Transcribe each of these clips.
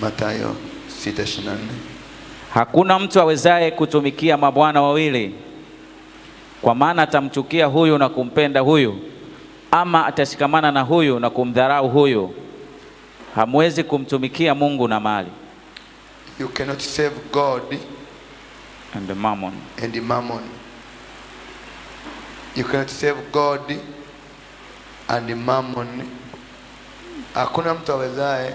Mathayo 6:24. Hakuna mtu awezaye kutumikia mabwana wawili, kwa maana atamchukia huyu na kumpenda huyu, ama atashikamana na huyu na kumdharau huyu. Hamwezi kumtumikia Mungu na mali. You cannot save God and the mammon. And the mammon. You cannot save God and the mammon. Hakuna mtu awezaye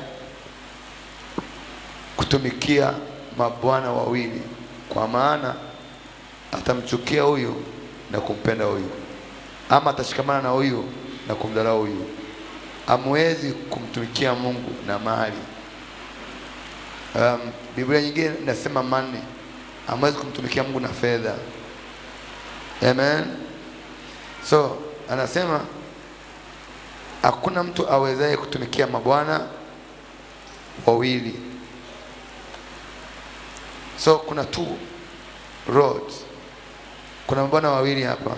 kutumikia mabwana wawili, kwa maana atamchukia huyu na kumpenda huyu, ama atashikamana na huyu na kumdharau huyu. Hamwezi kumtumikia Mungu na mali. Um, Biblia nyingine inasema mane, hamwezi kumtumikia Mungu na fedha. Amen. So anasema hakuna mtu awezaye kutumikia mabwana wawili So kuna two roads. Kuna mabwana wawili hapa.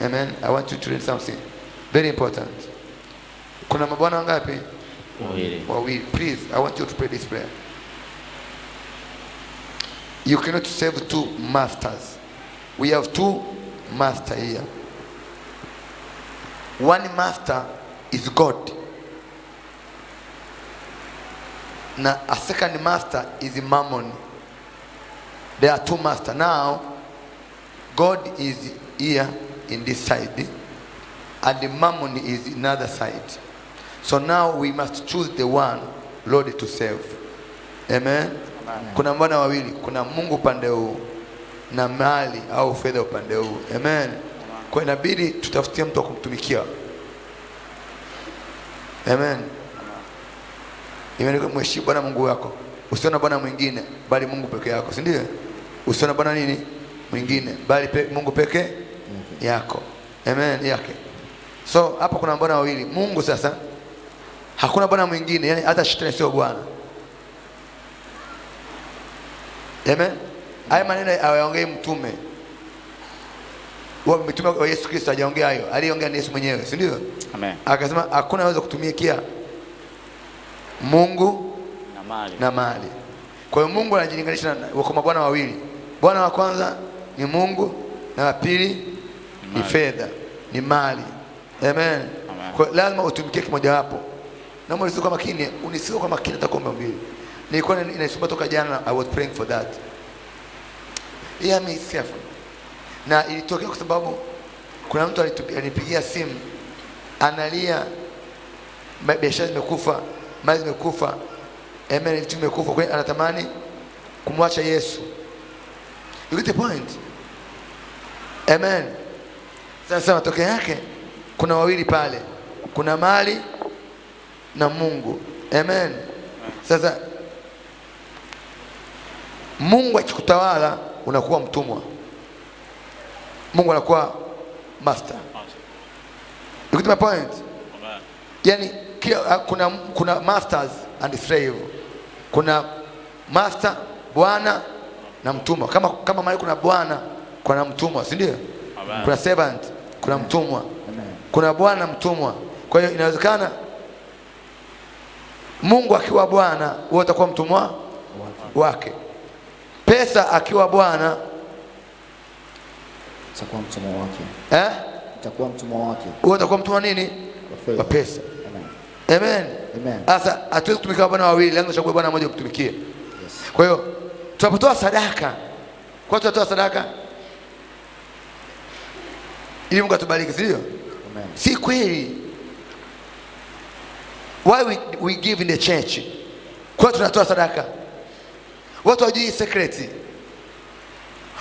Amen. I want you to read something very important. Kuna mabwana wangapi? Wawili. Please, I want you to pray this prayer. You cannot serve two masters. We have two master here. One master is God. Na a second master is Mammon. There are two master. Now, God is here in this side and the mammon is in another side. So now we must choose the one Lord to serve. Amen. Amen. Kuna mbana wawili, kuna Mungu upande huu na mali au fedha upande huu. Amen. Kwa inabidi tutafutie mtu wa kumtumikia. Amen. Imeandikwa mheshimu Bwana Mungu wako, usiona bwana mwingine bali Mungu peke yako, si ndio? usiona bwana nini mwingine, bali pe, Mungu peke yako Amen, yake. So hapa kuna bwana wawili, Mungu sasa, hakuna bwana mwingine, yani hata shetani sio bwana. Amen. Haya maneno hawaongei mtume mtume wa Yesu Kristo hajaongea hayo, aliongea ni Yesu mwenyewe, si ndio? Amen. Akasema hakuna waweza kutumikia Mungu na mali na mali. Kwa hiyo Mungu anajilinganisha na kwa mabwana wawili Bwana wa kwanza ni Mungu na wa pili ni fedha, ni mali. Amen. Kwa lazima utumikie kimojawapo. Na mwezi kwa makini, unisikie kwa makini nitakuomba mbili. Nilikuwa inaisoma toka jana, I was praying for that. Yeah, me careful. Na ilitokea kwa sababu kuna mtu alinipigia simu analia, biashara zimekufa, mali zimekufa, amen, vitu vimekufa, kwa anatamani kumwacha Yesu. You get the point? Amen. Sasa matokeo yake kuna wawili pale, kuna mali na Mungu. Amen. Sasa Mungu akikutawala unakuwa mtumwa, Mungu anakuwa master. You get my point? Yani kila, ah, kuna, kuna masters and slave, kuna master bwana na mtumwa. Kama, kama mali kuna bwana kuna mtumwa, si ndio? Kuna servant, kuna mtumwa, kuna bwana mtumwa. Kwa hiyo inawezekana Mungu akiwa bwana wewe utakuwa mtumwa wake, pesa akiwa bwana utakuwa mtumwa wake. Eh? Utakuwa mtumwa wake. Wewe utakuwa mtumwa nini? Wa pesa. Amen. Amen. Sasa hatuwezi kutumikia bwana wawili, lazima uchague bwana mmoja kutumikia Yes. Kwa hiyo tunapotoa sadaka kwa tunatoa sadaka ili Mungu atubariki, si ndio? Si kweli. Why we, we give in the church? Kwa tunatoa sadaka, watu hawajui secret.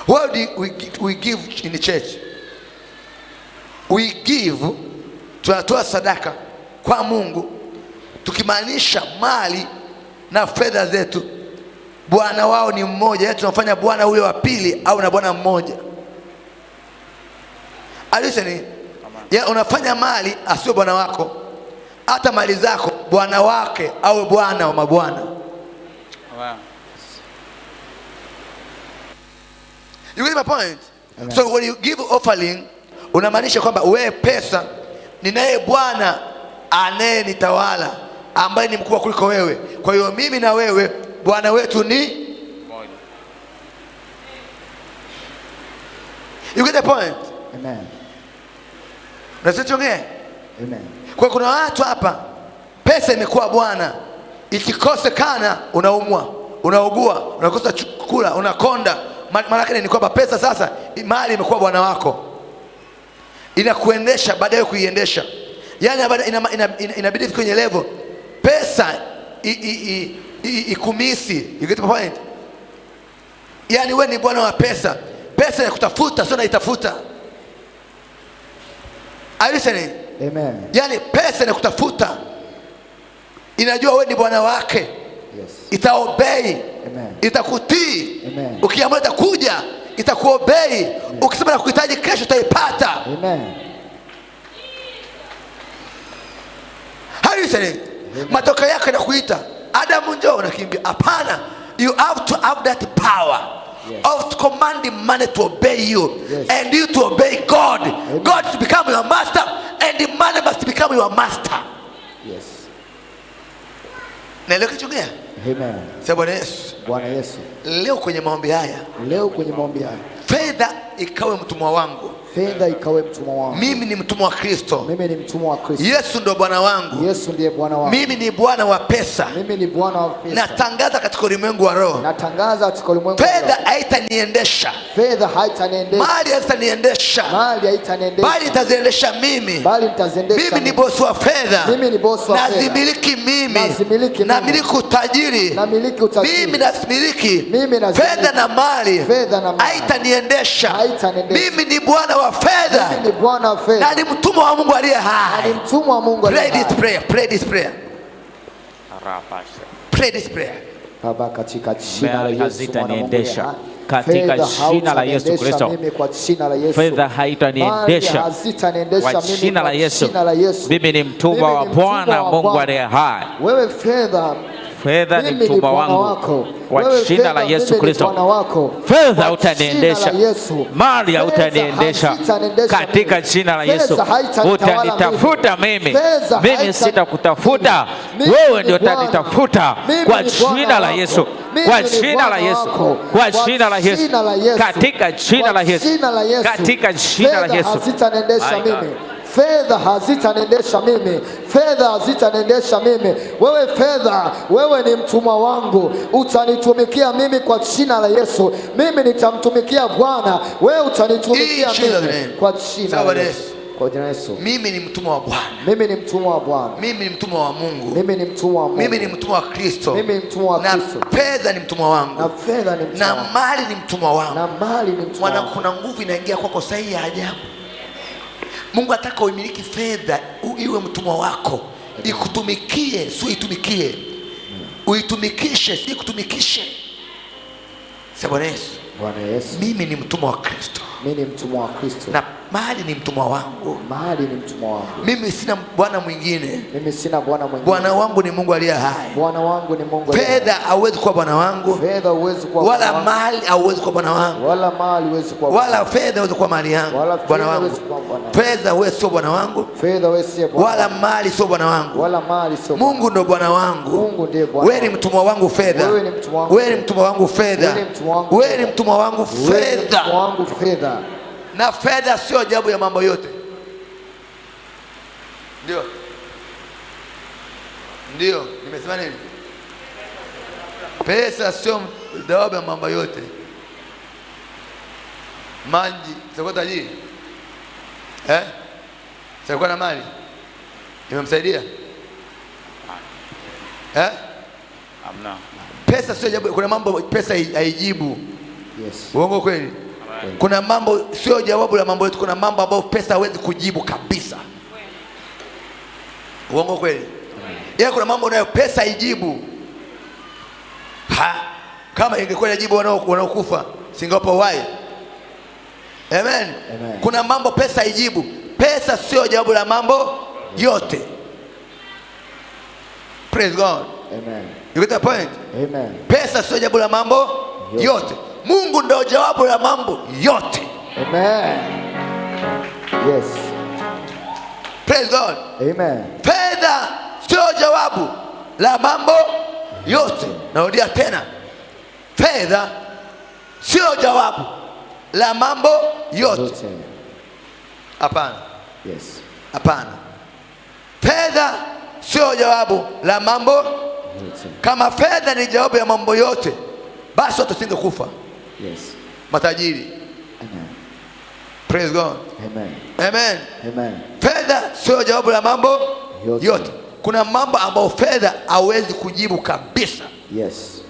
Why do we, we give in the church? We give, tunatoa sadaka kwa Mungu tukimaanisha mali na fedha zetu bwana wao ni mmoja, yaani tunafanya bwana huyo wa pili au na bwana mmoja. Aliseni, ya unafanya mali asio ah, bwana wako, hata mali zako bwana wake au bwana wa mabwana. Wow. You get my point? Amen. So when you give offering unamaanisha kwamba wewe pesa ninaye bwana anayenitawala ambaye ni mkubwa kuliko wewe, kwa hiyo mimi na wewe Bwana wetu ni mmoja. You get the point? Amen. Nasichongea? Amen. Kwa kuna watu hapa pesa imekuwa bwana, ikikosekana unaumwa, unaugua, unakosa chakula, unakonda. Maana yake ni kwamba pesa sasa, mali imekuwa bwana wako, inakuendesha baadaye kuiendesha. Yaani inabidi kwenye level pesa ikumisi. You get my point? Yani we ni bwana wa pesa, pesa ya kutafuta, sio naitafuta. Are you Amen. Yani pesa inakutafuta kutafuta inajua we ni bwana wake. Yes. Itaobei, itakutii, ukiamua itakuja, itakuobei. Ukisema na kuhitaji kesho utaipata. Amen. you matokeo yake anakuita Adamu, njoo, unakimbia. Hapana, you have to have that power Yes. Of commanding money to obey you yes. And you to obey God Amen. God to become your master and the money must become your master yes. Naelewa kichungia Amen. Bwana Yesu. Bwana Yesu. Leo kwenye maombi haya. Leo kwenye maombi haya. Fedha ikawe mtumwa wangu fedha ikawe mtumwa wangu. Mimi ni mtumwa wa Kristo. Mimi ni mtumwa wa Kristo. Yesu ndio Bwana wangu. Yesu ndiye Bwana wangu. Mimi ni bwana wa pesa. Mimi ni bwana wa pesa. Natangaza katika ulimwengu wa roho. Natangaza katika ulimwengu wa roho. Fedha haitaniendesha. Fedha haitaniendesha. Mali haitaniendesha. Mali haitaniendesha. Bali itaziendesha mimi. Bali nitaziendesha. Mimi ni bosi wa fedha. Mimi ni bosi wa fedha. Nazimiliki mimi. Nazimiliki mimi. Namiliki utajiri. Namiliki utajiri. Mimi nasimiliki. Mimi nazimiliki. Fedha na mali. Fedha na mali. Haitaniendesha. Haitaniendesha. Mimi ni bwana wa fedha na ni mtumwa wa Mungu aliye hai. Pray this prayer, pray this prayer. Pray this prayer. Baba, katika jina la Yesu ninaendesha katika jina la Yesu Kristo, fedha haitaniendesha kwa jina la Yesu. Mimi ni mtumwa wa Bwana Mungu aliye hai. Wewe fedha Fedha ni mtumwa wangu kwa jina la Yesu Kristo. Fedha utaniendesha, mali utaniendesha katika jina la Yesu. Utanitafuta mimi, mimi sitakutafuta wewe, ndio utanitafuta kwa jina la Yesu, kwa jina la Yesu, kwa jina la Yesu, katika jina la Yesu, katika jina la Yesu. Fedha hazitanendesha mimi, fedha hazitanendesha mimi. Wewe fedha, wewe ni mtumwa wangu, utanitumikia mimi kwa jina la Yesu. Mimi nitamtumikia Bwana, wewe utanitumikia mimi kwa jina la Yesu. Kwa jina Yesu. Mimi ni mtumwa wa Bwana. Mimi ni mtumwa wa Bwana. Mimi ni mtumwa wa Mungu. Mimi ni mtumwa wa Mungu. Mimi ni mtumwa wa Kristo. Mimi ni mtumwa wa Kristo. Na fedha ni mtumwa wangu. Na fedha ni mtumwa. Na mali ni mtumwa wangu. Na mali ni mtumwa wangu. Maana kuna nguvu inaingia kwako sasa ya ajabu. Mungu ataka uimiliki fedha, iwe mtumwa wako, ikutumikie, sio itumikie, uitumikishe, si kutumikishe. Sasa Yesu, Bwana Yesu, mimi ni mtumwa wa Kristo, mimi ni mtumwa wa Kristo na mahali ni mtumwa wangu, mahali ni mtumwa wangu. Mimi sina bwana mwingine, mimi sina bwana mwingine. Bwana wangu ni Mungu aliye hai, bwana wangu ni Mungu. Fedha hauwezi kuwa bwana wangu, fedha hauwezi kuwa wala mali hauwezi kuwa bwana wangu, wala mali hauwezi kuwa wala fedha hauwezi kuwa mali yangu, bwana wangu. Fedha wewe sio bwana wangu, fedha wewe sio bwana wala mali sio bwana wangu, wala mali sio. Mungu ndio bwana wangu, Mungu ndiye bwana. Wewe ni mtumwa wangu fedha, wewe ni mtumwa wangu fedha, wewe ni mtumwa wangu fedha, wewe ni mtumwa wangu fedha na fedha sio ajabu ya mambo yote. Ndio, ndio, nimesema nini? Pesa sio jawabu ya mambo yote. Maji sio tajiri eh? sikuwa na mali imemsaidia eh? Amna. Pesa sio ajabu, kuna mambo pesa haijibu. Yes. Uongo kweli? Kuna mambo sio jawabu la mambo yetu, kuna mambo ambayo pesa hawezi kujibu kabisa. Uongo kweli? Ila yaani kuna mambo nayo pesa ijibu. Ha, kama ingekuwa inajibu wanaokufa singapo wai Amen. Amen. Kuna mambo pesa ijibu. Pesa sio jawabu la mambo yote. Praise God. Amen. You get the point? Amen. Pesa sio jawabu la mambo yote, yote. Mungu ndio jawabu ya mambo yote. Amen. Yes. Praise God. Amen. Fedha sio jawabu la mambo yote. Narudia tena, fedha sio jawabu la mambo yote. Hapana. Yes. Hapana, fedha sio jawabu la mambo. Kama fedha ni jawabu ya mambo yote, basi watu kufa Yes. Matajiri. Amen. Praise God. Amen. Amen. Amen. Fedha sio jawabu la mambo yote, yote. Kuna mambo ambayo fedha hawezi kujibu kabisa. Yes.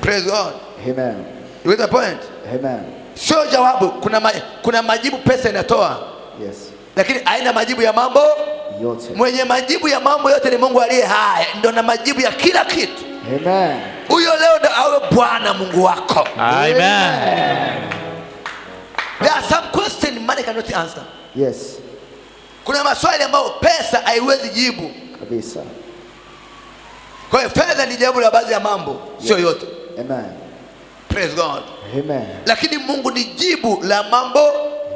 Praise God. Amen. You get the point? Amen. Sio jawabu, kuna, ma, kuna majibu pesa inatoa. Yes. Lakini haina majibu ya mambo yote. Mwenye majibu ya mambo yote ni Mungu aliye hai, ndio na majibu ya kila kitu. Amen. Huyo leo Bwana Mungu wako. Amen. There are some questions money cannot answer. Yes. Kuna maswali ambayo pesa haiwezi jibu kabisa. Kwa hiyo fedha ni jambo la baadhi ya mambo, Sio yote. Amen. Praise God. Amen. Lakini Mungu ni jibu la mambo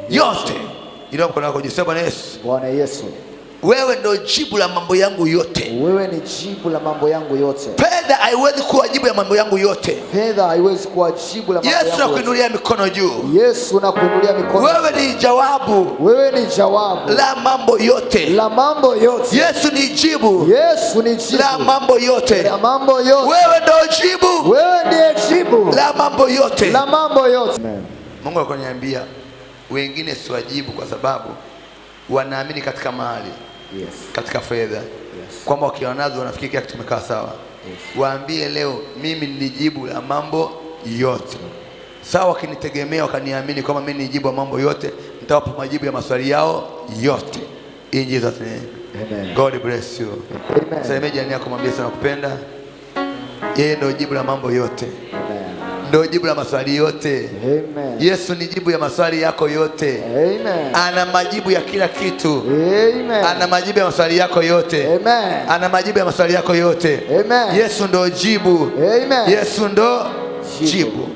yote. Ilo mkono wako juu. Bwana Yesu. Bwana Yesu. Wewe ndo jibu la mambo yangu yote. Wewe ni jibu la mambo yangu yote. Fedha haiwezi kuwa jibu ya mambo yangu yote. Fedha haiwezi kuwa jibu la mambo yangu yote. Yesu nakuinulia mikono juu. Yesu nakuinulia mikono. Wewe ni jawabu. Wewe ni jawabu la mambo yote. La mambo yote. Yesu ni jibu. Yesu ni jibu la mambo yote. La mambo yote. Wewe ndo jibu. Wewe ndiye jibu la mambo yote. La mambo yote. Amen. Mungu akoniambia wengine siwajibu kwa sababu wanaamini katika mali yes. katika fedha yes. kwamba wakionazo wanafikiri kila kitu kimekaa sawa yes. Waambie leo mimi ni jibu la mambo yote sawa. Wakinitegemea wakaniamini kwamba mimi ni jibu la mambo yote, nitawapa majibu ya maswali yao yote. In Jesus name. God bless you. Salimia jirani yako, mwambie sana kupenda yeye, ndio jibu la mambo yote ndio jibu la maswali yote. Amen. Yesu ni jibu ya maswali yako yote. Amen. Ana majibu ya kila kitu. Amen. Ana majibu ya maswali yako yote. Amen. Ana majibu ya maswali yako yote. Amen. Yesu ndo jibu. Amen. Yesu ndo jibu.